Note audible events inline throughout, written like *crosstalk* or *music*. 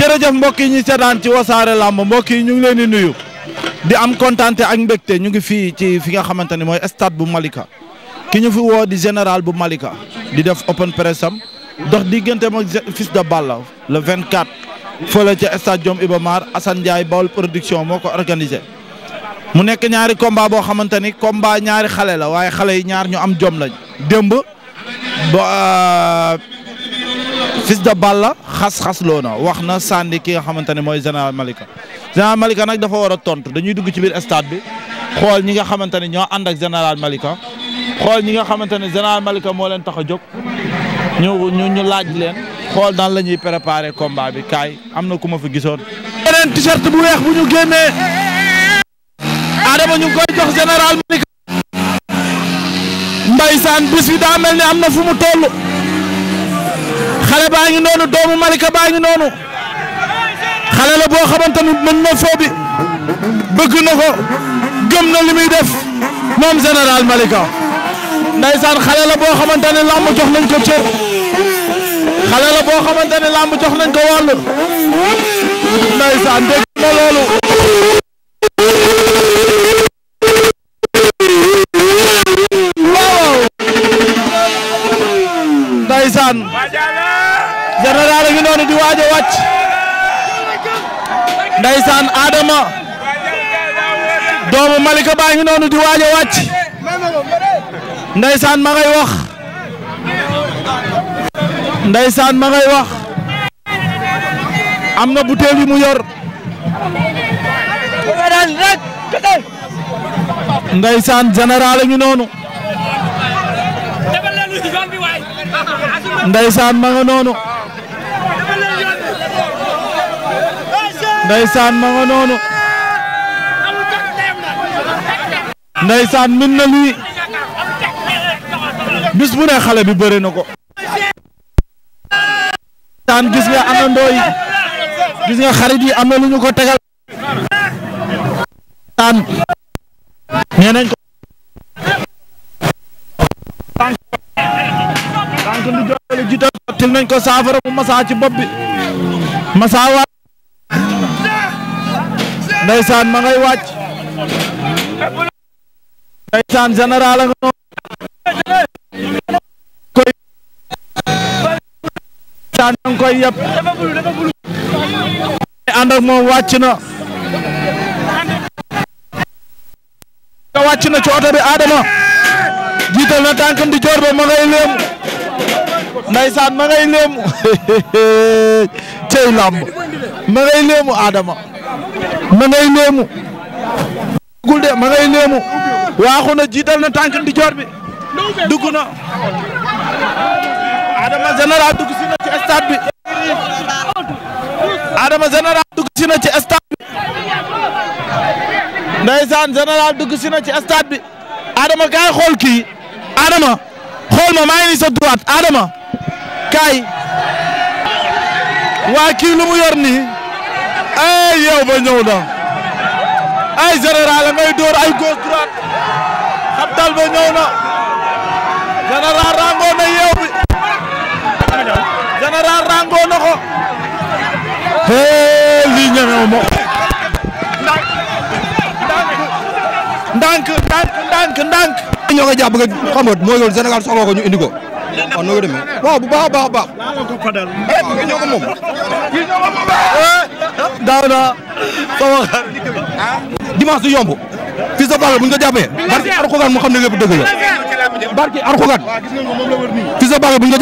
jërëjëf mbokk yi ñu seetaan ci wasaare làmb mbokk yi ñu ngi leen di nuyu di am kontante ak mbégte ñu ngi fii ci fi nga xamante ne mooy stade bu Malika ki ñu fi woo di général bu Malika di def open press am dox digganteem ak fils de Balla le 24 fële ca stade Diom Iba Mar Assane Ndiaye Baol production moo ko organisé. mu nekk ñaari combat boo xamante ni combat ñaari xale la waaye xale yi ñaar ñu am jom lañ démb euh, Fils de Balla xas-xas loo na wax na sànni ki nga xamante ne mooy général Malika général Malika nag dafa war a tontu dañuy dugg ci biir stade bi xool ñi nga xamante ne ñoo ànd ak général Malika xool ñi nga xamante ne général Malika moo leen tax a jóg ñu ñu laaj leen xool nan lañuy ñuy préparer combat bi kaay am na ku ma fi gisoon. beneen t-shirt bu weex bu ñu génnee. Adama ñu koy jox général Malika. Mbaye Sane bis daa mel ni am na fu mu toll. xale baa ngi noonu doomu Malika baa ngi noonu xale la boo xamante ni mën na foo bi bëgg na ko gëm na li muy def moom général Malika ndaysaan xale la boo xamante ne làmb jox nañ ko cër xale la boo xamante ne làmb jox nañ ko wàll ndaysaan dégg na loolu waaj a wàcc ndeysaan Adama doomu Malika baa ngi noonu di waaj a wàcc ma ngay wax ndeysaan ma ngay wax am na butéel yu mu yor ndeysaan général a ngi ma nga noonu ndeysaan ma nga noonu ndeysaan min na lii bis bu ne xale bi bëre na ko ndeysaan gis nga amandoo yi gis nga xarit yi am na lu ñu ko tegal ndeysaan nee ko tànk ndi ci bopp bi masaa waa ndeysaan ma ngay wàcc ndeysaan général a nga noonu koy ndeysaan ma koy moom wàcc na nga wàcc na ci oto bi Adama jiital na tànkam di joor ba ma ngay léem ndeysaan ma ngay *laughs* cey làmb ma ngay Adama ma ngay léemu. duggul de ma ngay na jiital na tànk di joor bi. dugg na. Adama Général dugg si na ci stade bi. Adama Général dugg si na ci stade bi. Ndeysaan Général si na ci stade bi. Adama kaay xool kii. Adama xool ma maa ngi sa droite Adama kaay. waa kii lu mu yor ay yow ba ñëw na ay général ngay dóor ay gauche droite xabtal ba ñëw na général ràngoo na yeew bi général ràngoo na ko hee lii ñemew ma ndànk ndànk ndànk ndànk ñoo ko jàpp nga xam nga mooy loolu Sénégal soxla ko ñu indi ko waaw noo ko demee waaw bu baax a baax a baax eh, ñoo ko moom eh, daaw naa sama dimanche du yomb Fils de Balla bu ñu ko jàppee barki Alxuraan mu ne lépp dëgg la barki Alxuraan Fils bu mu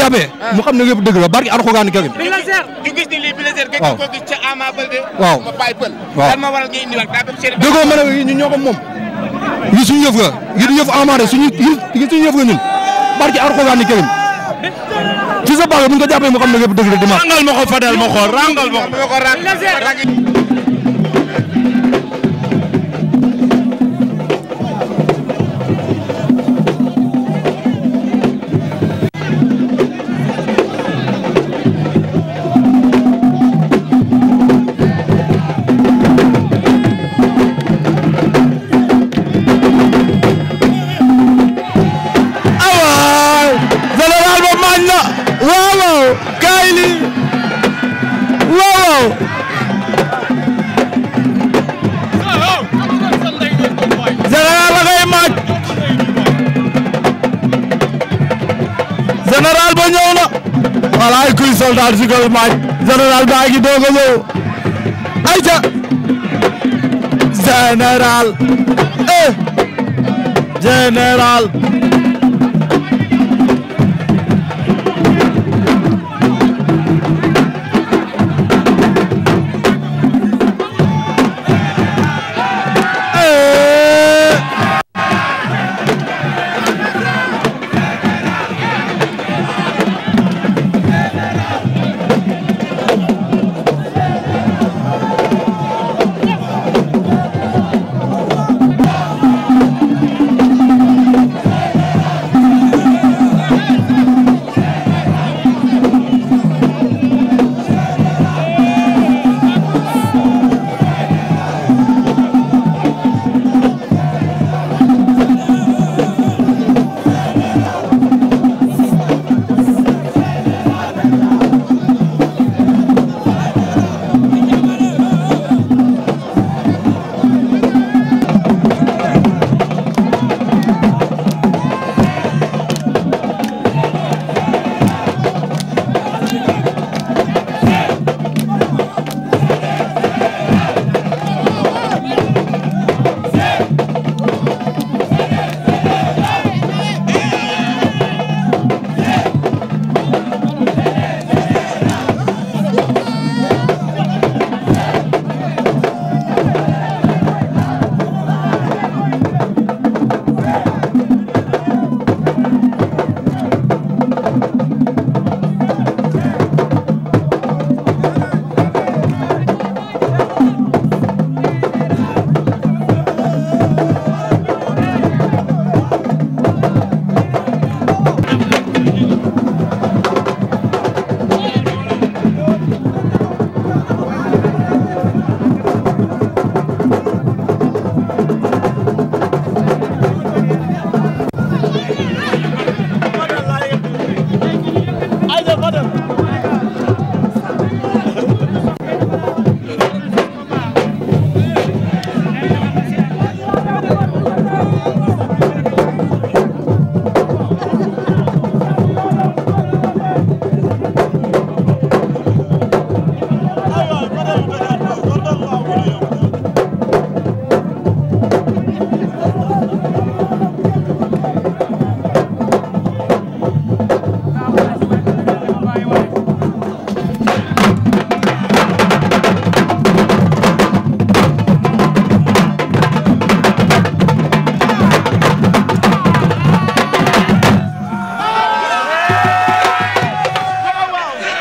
xam ne lépp dëgg la barki Alxuraan kër gi ñu ah. gis ni lii blessure gëj ko gis ca Ama Baldé waaw ma bàyyi ñu ñoo moom ñu suñu yëf nga ñu yëf Ama de suñu yëf nga ñun barki Alxuraan kër gi Fils de Balla bu ñu ko jàppee mu xam ne lépp dëgg la dimanche. rangal ma ko fadal ma ko rangal ma général Jigol Maaj général baa ngi doog a ñëw ayca général eh général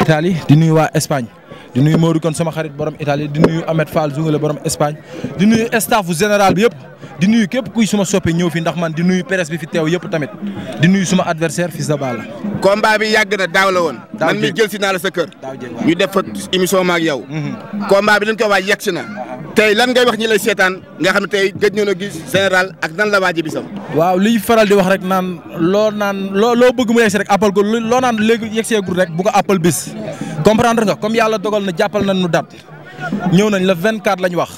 Italie di nuyu waa Espagne di nuyu Modou kon sama xarit borom Italie di nuyu Ahmed Fall Zoungale borom Espagne di nuyu staffu général bi yëpp di nuyu képp kuy suma soppe ñëw fi ndax man di nuyu presse bi fi teew yëpp tamit di nuyu suma adversaire Fils de Balla. combat bi yàgg na daaw la woon. daaw man mi jël si naa la sa kër. ñu def fa émission ma ak yow. Mhm. combat bi dañ ko waaj yegg si na. tey lan ngay wax ñi lay seetaan nga xam ne tey gëj ñoo na gis général ak nan la waaj bisam waaw liy faral di wax rek naan loo naan loo loo bëgg mu yegg si loo naan léegi yegg seegul rek bu appal bis comprendre nga comme yàlla dogal na jàppal nañ nu date ñëw nañ la le 24 lañ wax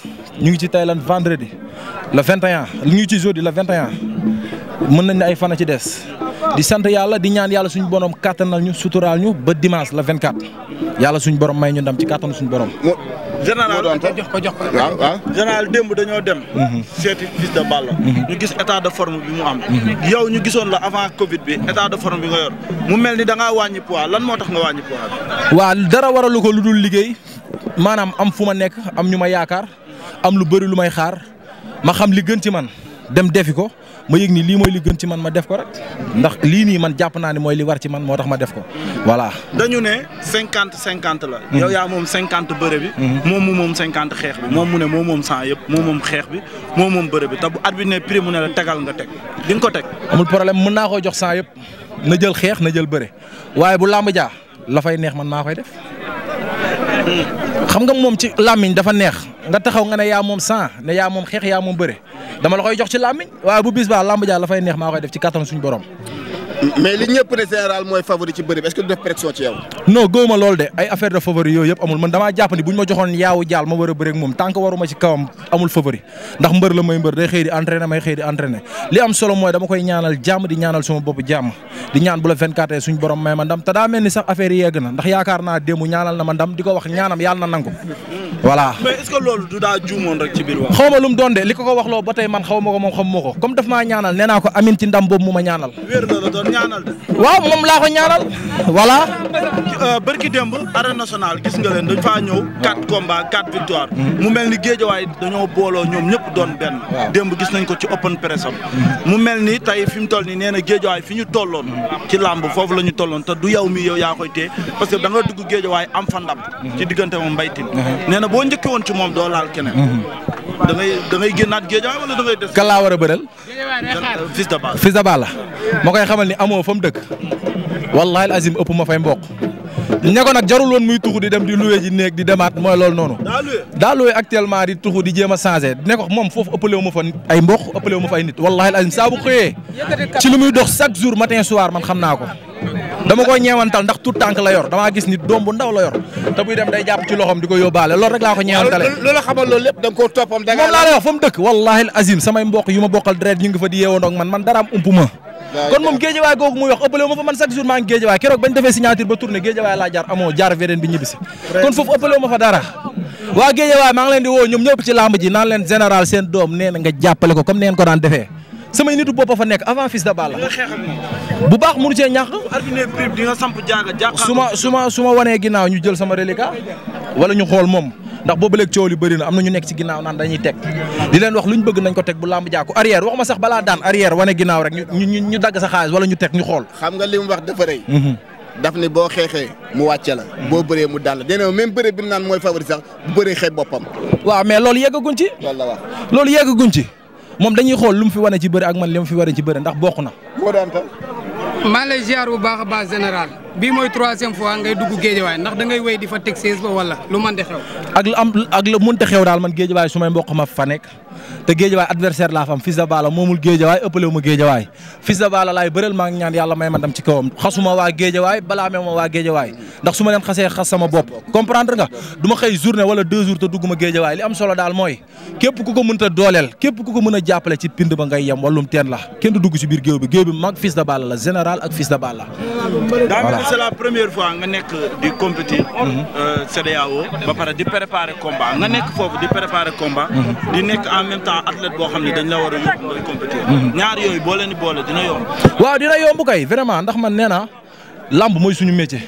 ñu ngi ci tey lan vendredi le 21 ñu ngi ci jeudi le 21 mën nañ ne ay fan a ci des. di sant yàlla di ñaan yàlla suñu borom kàttanal ñu suturaal ñu ba dimanche la 24 yàlla suñu borom may ñu ndam ci kàttanu suñu borom. général jox ko jox ko waaw waaw démb dañoo dem mhm. seeti fils de la mhm. ñu gis état de forme bi mu am mhm. yow ñu gisoon la avant covid bi état de forme bi nga yor mu mel ni da ngaa wàññi poids lan moo tax nga wàññi poids waa dara waralu ko lu dul liggéey maanaam am fu ma nekk am ñu ma yaakaar am lu bëri lu may xaar ma xam li gën ci man dem defi ko ma yëg nii lii mooy li gën ci man ma def ko rek ndax lii nii man jàpp naa ne mooy li war ci man moo tax ma def ko voilà. dañu ne cinquante cinquante la. Hmm. yow yaa moom cinquante bëre bi. Hmm. moom moom cinquante xeex bi moom mu ne moom moom cent yëpp moom moom xeex bi moom moom bëre bi te bu at bi ne prix mu ne la tegal nga teg di ko teg. amul problème mën naa ko jox cent yëpp na jël xeex na jël bëre waaye bu làmb jaa la fay neex man maa koy def. Hmm. xam nga moom ci làmmiñ dafa neex nga taxaw nga ne yaa moom sang ne yaa moom xeex yaa moom bëre dama la koy jox ci làmmiñ waaye bu bis baa làmb ja la fay neex maa koy def ci kattan suñu borom mais li ñëpp ne général mooy favori ci bëri bi est-ce que du def pression ci yow. non gëwuma loolu de ay affaire de favori yooyu yëpp amul man damaa jàpp ni bu ñu ma joxoon yaawu jaal ma war a bëri ak moom tant que waruma ci kawam amul favori ndax mbër la may mbër day xëy di entraîné may xëy di entraîné li am solo mooy dama koy ñaanal jàmm di ñaanal suma bopp jàmm di ñaan bu la 24 heures suñu borom may ma ndam te daa mel ni sax affaire yi yegg na ndax yaakaar naa démb ñaanal na ma ndam di ko wax ñaanam yàlla na nangu voilà mais est-ce que loolu du daa juumoon rek ci biir wax. xaw ma lu mu doon de li ko ko wax loo ba tey man xaw ma ko moom xam ma ko comme daf maa ñaanal nee naa ko amin ci ndam boobu mu ma ñaanal ñaanal de. waaw moom laa ko ñaanal. voilà. Euh, barki démb pare national gis nga leen dañ faa ñëw. quatre combats quatre victoires. Mm-hmm. mu mel ni géejawaay dañoo booloo ñoom ñëpp doon benn. démb gis nañ ko ci open press mu mel ni tey fi mu toll nii nee na géejawaay fi ñu tolloon. ci làmb foofu la ñu tolloon te du yow mi yow yaa koy téye parce que da nga dugg géejawaay am fa ndam. Mm-hmm. ci diggante moom mbaytin mm-hmm. nee na boo njëkkee woon ci moom doo laal keneen. da ngay génnaat géejawaay wala da ngay des. kan war a bëral. fils de Balla. fils ma koy xamal ni amoo fa mu dëkk. wallaahi al azim ëpp ma fay mbokk. ña ko nag jarul woon muy tuxu di dem di loué ji néeg di demaat mooy loolu noonu. daa loué daa loué actuellement di tuxu di jéem a changé ne ko moom foofu ëppale wu ma fa ay mbokk ëppale wu ma fa ay nit wallaahi al azim saa bu xëyee. ci li muy dox chaque jour matin soir man xam naa ko. dama ko ñeewantal ndax tout tànk la yor damaa gis ni doom bu ndaw la yor buy dem day jàpp ci loxoom di ko yóbbaale loolu rek laa ko ñeewantale loolu la xamal loolu lépp da nga koo toppam da nga moom laa lay wax fa mu dëkk wallahi al azim samay mbokk yu ma bokkal deret ñu fa di yeewandoog man man daraam ump kon moom géejawaay googu muy wax ëppale fa man chaque jour maa ngi géejawaay keroog bañ defee signature ba tournée géejawaay laa jaar amoo jaar védéen bi ñibbisi kon foofu ëppale ji naan leen général seen doom nee nga jàppale ko comme neen ko daan defee sama nitu bopp fa nekk avant fils de Balla bu baax mënu cee ñàkk. di nga samp jaaga jaaxal su ma su ma wanee ginnaaw ñu jël sama reliquat wala ñu xool moom ndax boobu léegi coow li bëri na am na ñu nekk ci ginnaaw naan dañuy teg di leen wax lu ñu bëgg nañ ko teg bu làmb jaaku arrière wax ma sax balaa daan arrière wane ginnaaw rek ñu ñu dagg sa xaalis wala ñu teg ñu xool. xam nga li mu wax dafa rëy. Mhm. daf ne boo xeexee mu wàcce la. boo bëree mu dàll dina même bëree bi mu naan mooy favori sax bu bëree xeeb boppam. waaw mais loolu yeggaguñ loolu la wax loolu yeggaguñ ci moom dañuy xool lu mu fi wane ci bëre ak man li mu fi wane ci bëre ndax bokk na. moo daan tax. maa lay ziar bu baax a général bii mooy troisième fois ngay dugg géejawaay ndax da ngay wéy di fa teg 16 ba wala lu man di xew. ak lu am ak lu mënta xew daal man géejawaay su may mboq ma fa nekk te géejawaay adversaire laa fa am Fils de Balla moomul géejawaay ëppalewu ma géejawaay Fils de Balla laay bëreel maa ngi ñaan yàlla may ma ci kawam xasuma waa géejawaay balaa mee ma waa géejawaay ndax su leen xasee xas sama bopp comprendre nga du ma journée wala te dugguma géejawaay li am solo daal mooy képp ku ko mën ta dooleel képp ku ko mën a jàppale ci pind ba ngay yem wàllum teen la kenn du dugg ci biir géew bi géew bi mag Fils de Balla la général ak Fils de Balla mhm. euh, ba en même temps athlète boo xam ne dañ la war a yóbbu ngay compétir. Mhm. ñaar yooyu boo leen di boole dina yomb. waaw dina yomb kay vraiment ndax man nee naa lamb mooy suñu métier.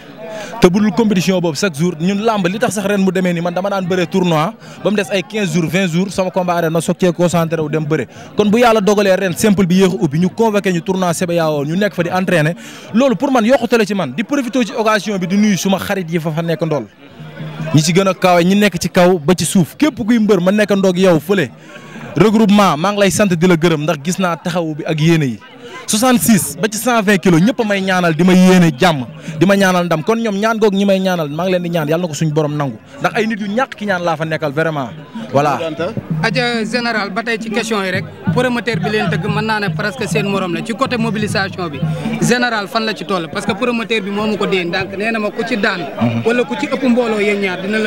te dul compétition boobu chaque jour ñun lamb li tax sax ren mu demee ni man dama daan bëre tournoi ba mu des ay jours jours sama combat ren ma soog cee concentré wu dem bëre kon bu yàlla dogalee ren simple bi yéex ubbi ñu convoqué ñu tournoi CBAO ñu nekk fa di entraîner loolu man yokkutale ci man di profité ci occasion bi di nuyu xarit yi fa fa nekk ndool ñi ci gën a kawe ñi nekk ci kaw ba ci suuf képp kuy mbër ma nekk ndoog yow fële regroupement maa ngi lay sant di la gërëm ndax gis naa taxawu bi ak yéene yi 66 ba ci 120 kilos ñëpp a may ñaanal di ma yéene jàmm di ma ñaanal ndam kon ñoom ñaan goog ñi may ñaanal maa ngi leen di ñaan yàlla na ko suñu borom nangu ndax ay nit yu ñàkk ki ñaan laa fa nekkal vraiment voilà. aja général ba tey ci question yi rek promoteur bi leen tëgg mën naa ne presque seen morom la ci côté mobilisation bi général fan la ci toll parce que promoteur bi moomu ko déen donc nee na ma ku ci daan mhm. wala ku ci ëpp ñaar dina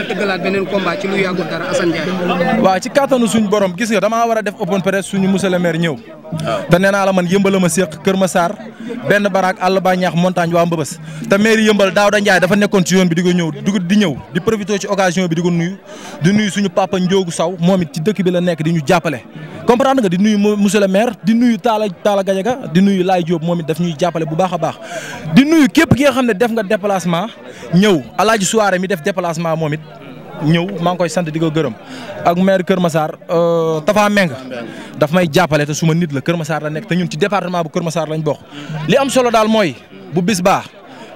borom gis nga damaa war a def open press te nee la man yëmbal la ma séq Kër ma Massar benn baraak àll ba ñaax montagne waa Mbëbës te maire yëmbal daaw da Ndiaye dafa nekkoon ci yoon bi di ko ñëw di ñëw di profité ci occasion bi di ko nuyu di nuyu suñu papa Ndiogu Saw moom it ci dëkk bi la nekk di ñu jàppale comprendre nga di nuyu monsieur le maire di nuyu Talla Talla Gadiaga di nuyu Laye Diop moom it daf ñuy jàppale bu baax a baax di nuyu képp ki nga xam ne def nga déplacement ñëw alaaji soirée mi def déplacement moom it ñëw maa ngi koy sant di ko gërëm ak meer Kër Massar euh, Tafa Meng daf may jàppale te suma nit la Kër masaar la nekk te ñun ci département bu Kër Massar lañ bokk. li am solo daal mooy bu bis baax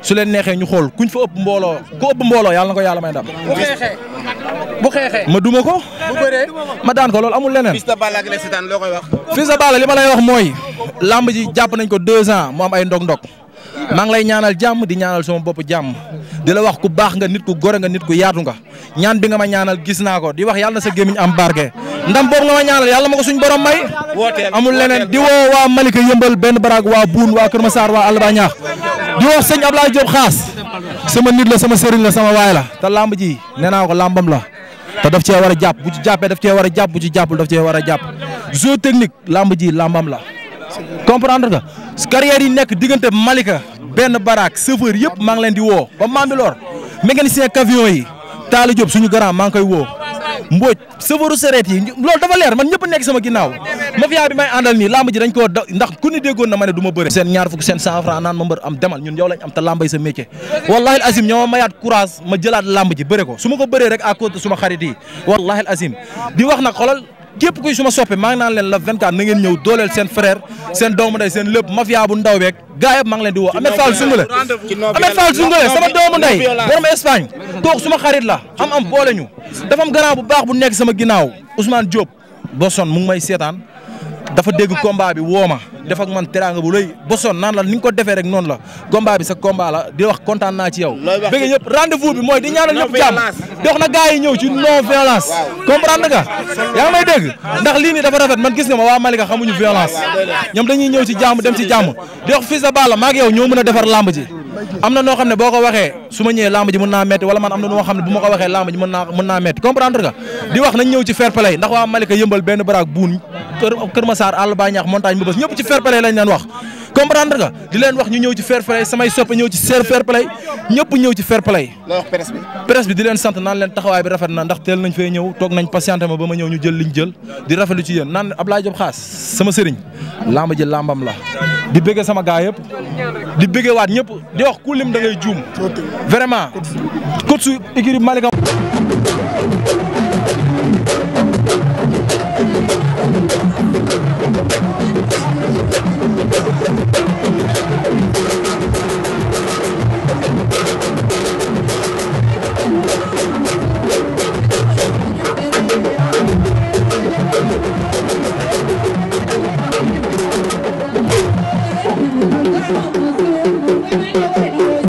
su leen neexee ñu xool kuñ fa ëpp mbooloo ku ëpp mbooloo yàlla na ko yàlla may ndam. bu ma duma ko. bu bëree ma daan ko loolu amul leneen. fils de Balla ak loo koy wax. fils de Balla li ma lay wax mooy. lamb ji jàpp nañ ko deux ans mu am ay ndog ndok maa ngi lay ñaanal jàmm di ñaanal sama bopp jàmm di la wax ku baax nga nit ku gore nga nit ku yaatu nga ñaan bi nga ma ñaanal gis naa ko di wax yàlla na sa gémmiñ am barke ndam boobu nga ma ñaanal yàlla ma ko suñ borom may amul leneen di woo waa Malika yëmbal benn baraag waa Buun waa Kër Massar waa Alba Ñaax di wax sëñ Ablaye Diop xaas sama nit la sama sëriñ la sama waay la te lamb ji nee ko lambam la te daf cee war a jàpp bu ci jàppee daf cee war a jàpp ci jàppul daf cee war a jàpp jeu technique lamb ji lambam la comprendre nga yi nekk diggante Malika benn baraak chauffeur yëpp maa ngi leen di woo ba Bambilor mécanicien camion yi Talla Diop suñu grand maa ngi koy woo Mbodj chauffeuru sareet man ñëpp nekk sama ginnaaw mafia ma may àndal nii lamb ji dañ koo ndax ku ni déggoon na ma ne du ma bëre seen ñaar fukk seen cent franc ma mbër am demal ñun yow lañ am te lambay sa métier wallahi azim ñoo ma mayaat courage ma jëlaat lamb ji bëre ko su ma ko bëree rek à cause wallahi azim di wax nag képp kuy suma soppe maa ngi naan leen la 24 na ngeen ñëw dooleel seen frère seen doomu ndey seen lépp mafia bu ndaw beeg gaa yëpp maa ngi leen di woo Ahmed Fall Soungheulé Ahmed Fall Soungheulé sama doomu ndey borom Espagne toog suma xarit la am am boole ñu dafa am garant bu baax bu nekk sama ginnaaw Ousmane Diop Boson mu may seetaan dafa dégg combat bi woo ma def ak man teraanga bu lëy boson naan la ni ko defee rek noonu la combat bi sa combat la di wax kontaan naa ci yow. bëgg ñëpp rendez-vous bi mooy di ñaanal ñëpp jàmm dox na gars yi ci non violence. comprendre nga yaa ngi may dégg ndax lii dafa rafet man gis nga ma waa Malika xamuñu violence ñoom dañuy ñëw ci jàmm dem ci jàmm di wax fils de Balla maa ngi yow ñoo a defar làmb ji. am na ne boo ko waxee su ma ñëwee lamb ji mën naa metti man am na ne bu ma ko waxee lamb ji mën naa comprendre nga di wax nañ ñëw ci fair play ndax waa Malika yëmbal benn baraak buun kër Kër Massar ba ñaax montagne bu bës ci fair play lañ leen wax comprendre nga di leen wax ñu ñëw ci fair play samay soppe ñëw ci seer fair play ñëpp ñëw ci fair play loo wax bi presse bi di leen sant naan leen taxawaay bi rafet na ndax teel nañ fay ñëw toog nañ patienté ma ba ma ñëw ñu jël liñ jël di rafetlu ci yéen naan Ablaye Diop Xaas sama sëriñ lamba ji lambam la di bëgge sama gaa yëpp di bëgge waat ñëpp di wax ku lim da ngay juum vraiment coach su équipe Malika